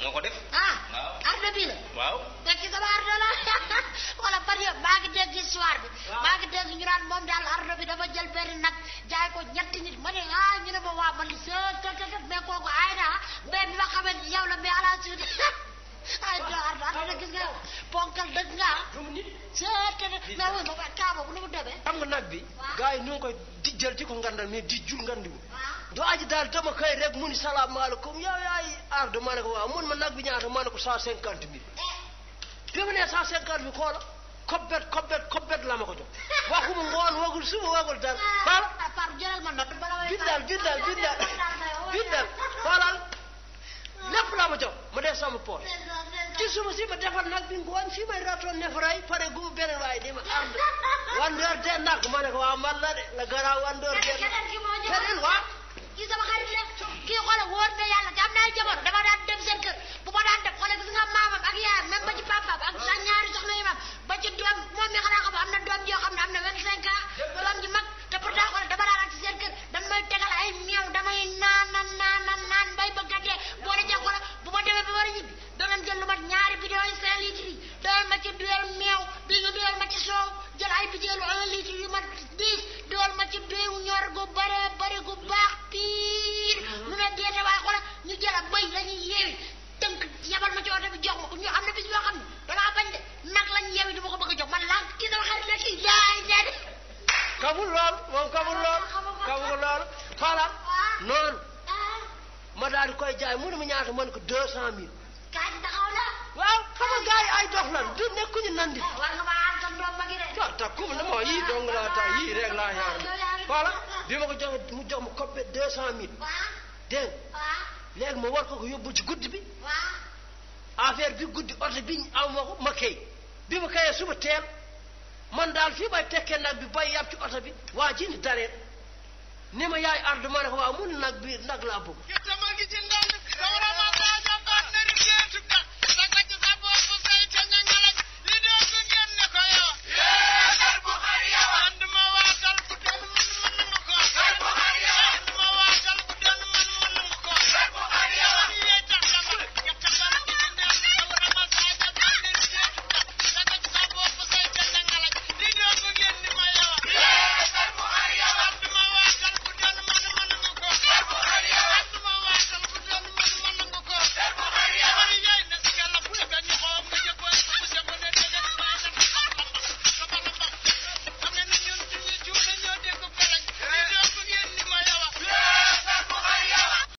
ñoo ko def. ah arde bi la. waaw fekk sama arde la wala par yow maa ngi dégg histoire bi. maa ngi dégg ñu naan moom daal arde bi dafa jël benn nag jaay ko ñetti nit ma ne ah ñu ne ma waa bi ma la mais à la suite ay do arde te bu nu mu demee. xam nga nag bi. waaw yi ñu ngi koy di jël ci ko ngandal mais di jul ngandi du aji daal dama koy rek mu ni salaamaaleykum yow yaay aar de ma ne ko waaw mun ma nag bi ñaata ma ne ko cent cinquante bi mu nee cent cinquante mille xoola kobbet kobbet kobbet la ma ko jox waxuma ngoon wagul suba wagul dara xoola bindal bindal bindal bindal xoolal lépp la ma jox ma def sama poos ci suba si ma defal nag bi ngoon fii may ratoon ne faray pare gu beneen waaye ni ma ànd wandoor de nag ma ne ko waaw man la de la garaaw wandoor de nag beneen waaw moom xamul lool xamul lool xoolal noonu ma daal koy jaay mu ne ma ñaata mën ko deux cent mille waaw xam nga ay dox lan du nekkuñu nandi ah, waaw tax ku ne ma yii dong laa tax yii rek laa ñaar voilà bi ma ko joxe mu jox ma coppe deux cent mille dégg léegi ma war ko ko yóbbu ci guddi bi affaire bi guddi oto bi aw ma ko ma kay bi ma suba teel man daal fii may tekkee nag bi bay yàpp ci oto bi waa ji ni daree ni ma yaay ardu ma ne ko waaw mu nag bi nag laa bëgg